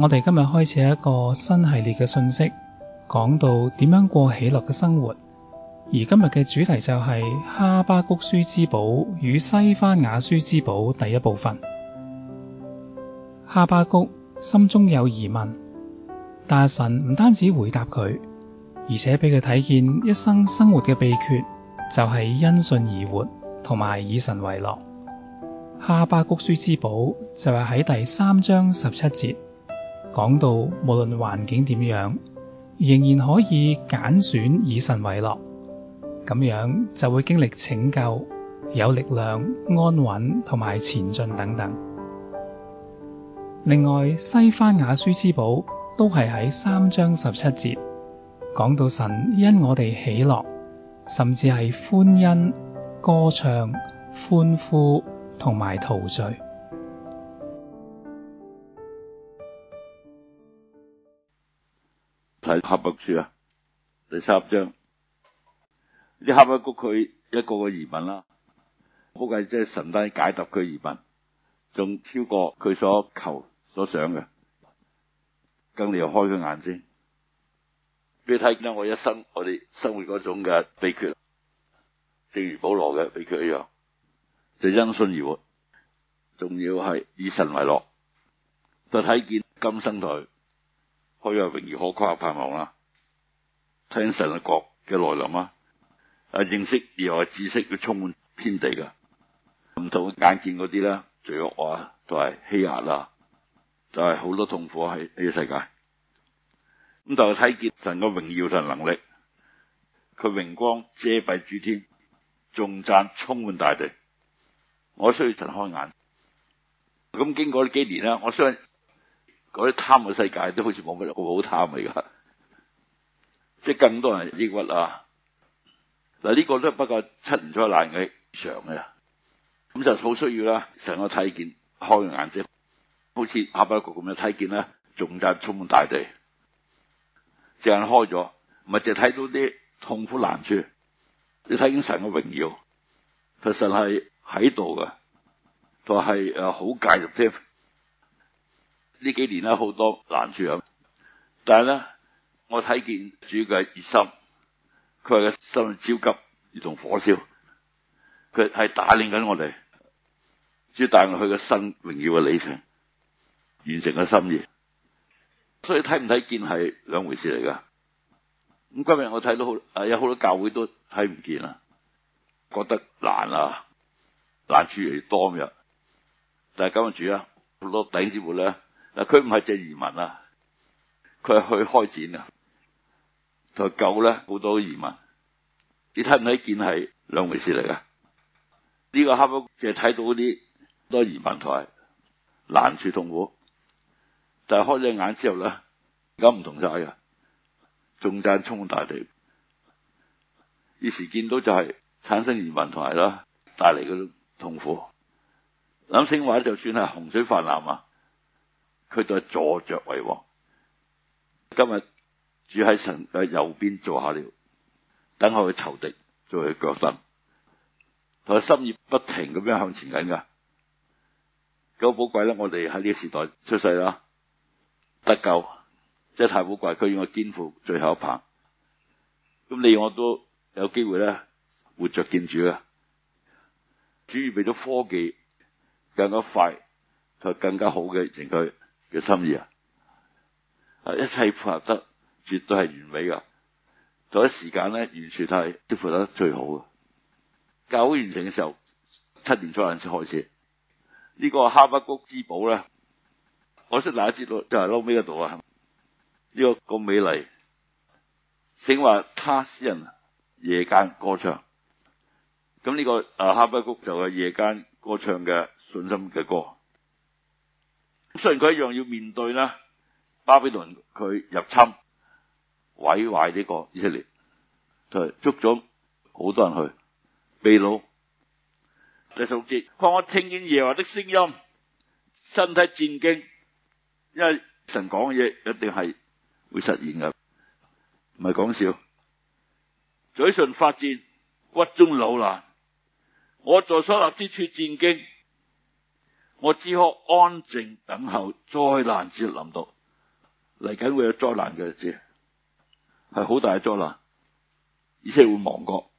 我哋今日開始一個新系列嘅信息，講到點樣過喜樂嘅生活。而今日嘅主題就係、是《哈巴谷書之寶》與《西番雅書之寶》第一部分。哈巴谷心中有疑問，但神唔單止回答佢，而且俾佢睇見一生生活嘅秘訣就係、是、因信而活，同埋以神為樂。《哈巴谷書之寶》就係喺第三章十七節。講到無論環境點樣，仍然可以揀選以神為樂，咁樣就會經歷拯救、有力量、安穩同埋前進等等。另外，西番雅書之寶都係喺三章十七節講到神因我哋喜樂，甚至係歡欣、歌唱、歡呼同埋陶醉。喺哈巴谷書啊，第三章，你哈巴谷佢一個個疑問啦，谷係即係神單解答佢疑問，仲超過佢所求所想嘅，更你又開佢眼先，俾睇見我一生我哋生活嗰種嘅秘訣，正如保羅嘅秘訣一樣，就因信而活，仲要係以神為樂，就睇見今生台。可以啊，榮耀可誇盼望啦！聽神嘅國嘅來臨啦，啊認識又係知識滿，要充滿遍地噶，唔同眼見嗰啲啦，罪惡啊，都係欺壓啦，就係、是、好多痛苦喺呢個世界。咁但係睇見神嘅榮耀同能力，佢榮光遮蔽諸天，頌讚充滿大地。我需要睜開眼。咁經過呢幾年啦，我相信。我啲貪嘅世界都好似冇乜，我好貪嚟噶，即係更多人抑鬱啊！嗱，呢個都係不過七連災難嘅常嘅，咁就好需要啦。成個睇見開眼啫，好似哈巴谷咁嘅睇見咧，仲就充滿大地，淨係開咗，唔係淨睇到啲痛苦難處。你睇見成個榮耀，佢實係喺度嘅，佢係誒好介入啲。呢幾年咧，好多難處啊，但係咧，我睇見主要嘅熱心，佢話嘅心焦急如同火燒，佢係打練緊我哋，主要帶我去嘅新榮耀嘅旅程，完成嘅心願。所以睇唔睇見係兩回事嚟噶。咁今日我睇到好，有好多教會都睇唔見啊，覺得難啊，難處越嚟越多咁樣。但係今日主啊，好多弟兄姊妹咧。嗱，佢唔係淨係移民啊，佢係去開展啊。台九咧好多移民，你睇唔睇見係兩回事嚟嘅？呢個黑屋淨係睇到啲多移民台，難處痛苦。但係開咗眼之後咧，而家唔同晒嘅，中讚充滿大地。以前見到就係產生移民同埋啦，帶嚟嗰種痛苦。諗清話，就算係洪水泛濫啊！佢都係左著為王，今日主喺神嘅右邊坐下了，等佢去仇敵，再去腳踏，佢嘅心意不停咁樣向前緊噶，九寶貴咧！我哋喺呢個時代出世啦，得救，即係太寶貴。佢要我肩負最後一棒，咁你我都有機會咧活着見主啊！主預備咗科技更加快，佢更加好嘅證據。嘅心意啊，啊一切配合得絕對係完美噶，同一時間咧完全係都配合得最好嘅。教會完成嘅時候，七年災難先開始。呢、這個哈巴谷之寶咧，可惜大家知道就就係撈尾嗰度啊。呢、就是是是這個咁美麗，聖經話祂賜人夜間歌唱。咁呢、這個啊哈巴谷就係、是、夜間歌唱嘅信心嘅歌。雖然佢一樣要面對啦，巴比倫佢入侵，毀壞呢個以色列，就係捉咗好多人去秘魯。第數節，當我聽見耶和華的聲音，身體戰兢。因為神講嘅嘢，一定係會實現噶，唔係講笑。嘴唇發顫，骨中朽爛，我在所立之處戰兢。我只可安靜等候災難之日臨到，嚟緊會有災難嘅日子，係好大嘅災難，而且會亡國，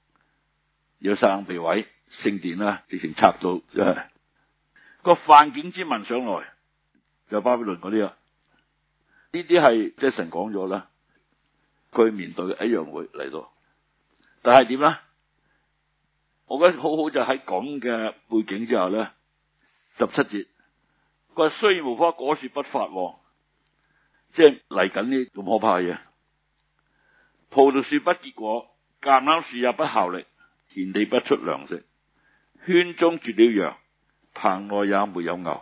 有生被毀，聖殿啦、啊、直情拆到，即、就、係、是嗯、個犯境之民上嚟，就是、巴比倫嗰啲啊。呢啲係即係神講咗啦，佢面對嘅一樣會嚟到，但係點咧？我覺得好好就喺咁嘅背景之下咧。十七節，佢話雖然無花果樹不發旺，即係嚟緊啲仲可怕嘅嘢，葡萄樹不結果，橄欖樹也不效力，田地不出糧食，圈中絕了羊，棚內也沒有牛，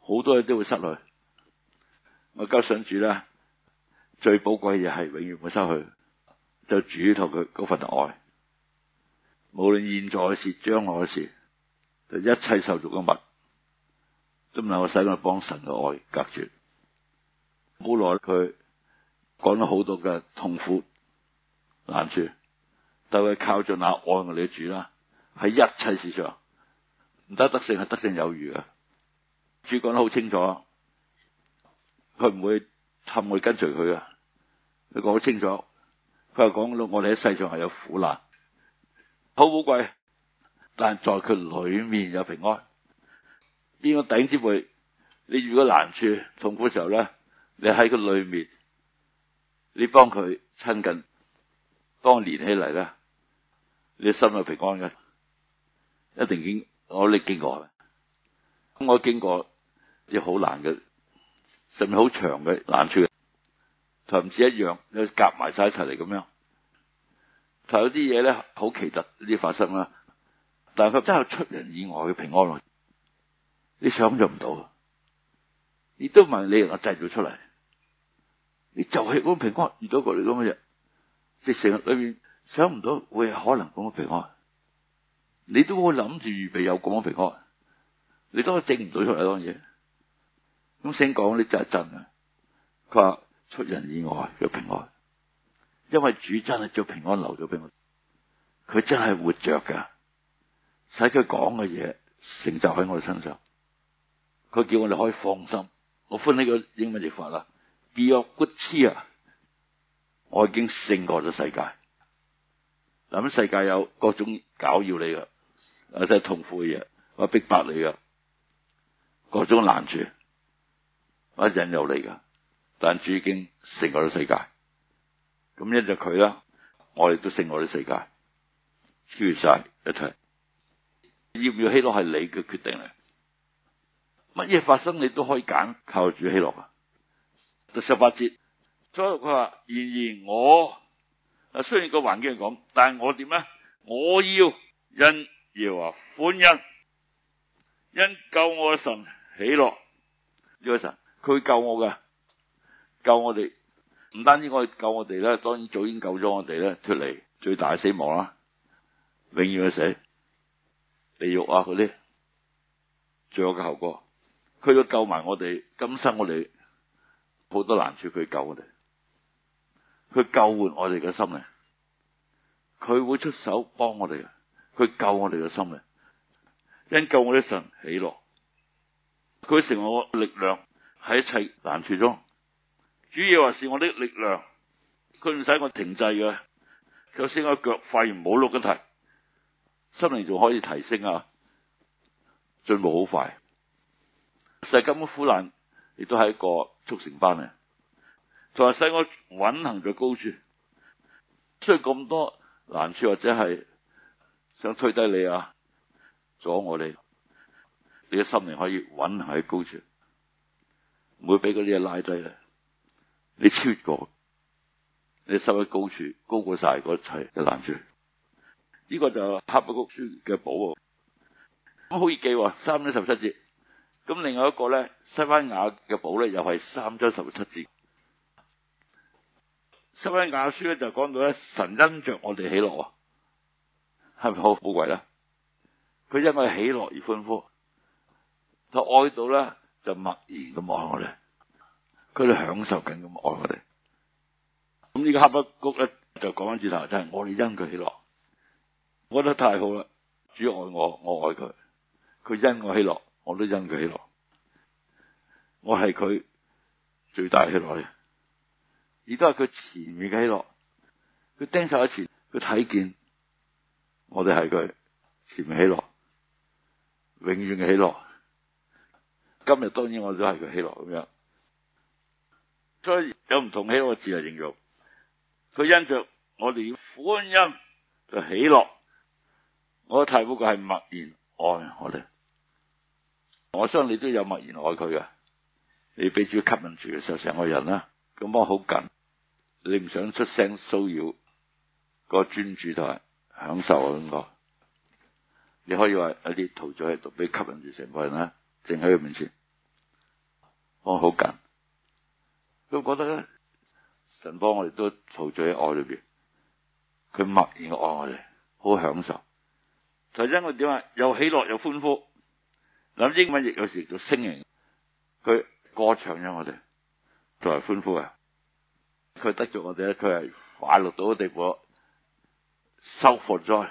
好多嘢都會失去。我家想住咧，最寶貴嘅嘢係永遠唔會失去，就主同佢嗰份愛，無論現在事、將來嘅事。一切受造嘅物都唔能夠使佢幫神嘅愛隔絕。好耐佢講咗好多嘅痛苦難處，但係靠住那愛我哋嘅主啦，喺一切事上唔單得勝，係得勝有餘啊！主講得好清楚，佢唔會氹我哋跟隨佢啊！佢講得清楚，佢又講到我哋喺世上係有苦難，好寶貴。但在佢裏面有平安。邊個頂之背？你遇咗難處、痛苦嘅時候咧，你喺佢裏面，你幫佢親近，幫佢連起嚟咧，你心有平安嘅。一定經我哋經過咁，我經過啲好難嘅，甚至好長嘅難處，同唔止一樣，你夾埋晒一齊嚟咁樣，同有啲嘢咧好奇特啲發生啦。但係佢真係出人意外嘅平安咯，你想像唔到，你都唔問，你話製造出嚟，你就係嗰個平安遇到過你咁嘅人，直成日裏面想唔到會可能咁嘅平安，你都會諗住預備有咁嘅平安，你都整唔到出嚟嗰嘢。咁先講啲真係真啊，佢話出人意外嘅平安，因為主真係將平安留咗俾我，佢真係活着噶，使佢講嘅嘢，成就喺我哋身上，佢叫我哋可以放心。我歡喜個英文譯法啦，be of good cheer 啊！我已經勝過咗世界。諗世界有各種攪擾你噶，啊，真係痛苦嘅嘢，我逼迫你噶，各種難處，我引誘你噶，但主已經勝過咗世界。咁一就佢啦，我哋都勝過咗世界，超越晒一齊。要唔要喜樂係你嘅決定嚟，乜嘢發生你都可以揀靠主喜樂啊。第十八節，所以佢話，然而我啊，雖然個環境係咁，但係我點咧？我要因耶和華歡欣，因救我嘅神喜樂。呢位神，佢救我嘅，救我哋，唔單止我哋救我哋咧，當然早已經救咗我哋咧，脫離最大死亡啦，永遠嘅死。地獄啊，嗰啲最好嘅後果，佢要救埋我哋，今生我哋好多難處，佢救我哋，佢救援我哋嘅心靈，佢會出手幫我哋，佢救我哋嘅心靈，因救我的神喜樂，佢成為我力量喺一切難處中，主耶和華是我的力量，佢唔使我停滯嘅，佢使我腳快唔好碌緊蹄。心靈仲可以提升啊，進步好快。世間的苦難亦都係一個速成班嚟。同埋使我穩行在高處。雖然咁多難處或者係想推低你啊，阻我哋，你嘅心靈可以穩喺高處，唔會俾嗰啲嘢拉低啦。你超過，你收喺高處，高過晒嗰一切嘅難處。呢個就係哈巴谷書嘅寶，咁好易記，三章十七節。咁另外一個咧，西番雅嘅寶咧，又係三章十七節。西番雅書咧就講到咧，神因着我哋喜樂，係咪好寶貴啊？佢因為喜樂而歡呼，就愛到咧就默然咁愛我哋，佢哋享受緊咁愛我哋。咁呢個哈巴谷咧就講翻轉頭，就係、就是、我哋因佢喜樂。我覺得太好啦！主愛我，我愛佢，佢因我喜樂，我都因佢喜樂。我係佢最大喜樂嘅，而都係佢前面嘅喜樂。佢盯手一前，佢睇見我哋係佢前面喜樂，永遠嘅喜樂。今日當然我哋都係佢喜樂咁樣。所以有唔同喜樂嘅字嚟形容。佢因着我哋歡欣就喜樂。我太古個係默然愛我哋，我相信你都有默然愛佢噶。你俾自己吸引住，嘅時候，成個人啦。咁我好緊，你唔想出聲騷擾個專注度，享受嗰個。你可以話有啲陶醉喺度，俾吸引住成個人啦，靜喺佢面前，我好緊。咁覺得咧，神幫我哋都陶醉喺愛裏邊，佢默然愛我哋，好享受。頭先我點啊？又喜樂又歡呼。嗱，英文亦有時叫聲嘅，佢歌唱咗我哋作為歡呼啊！佢得著我哋咧，佢係快樂到的地步，收復災。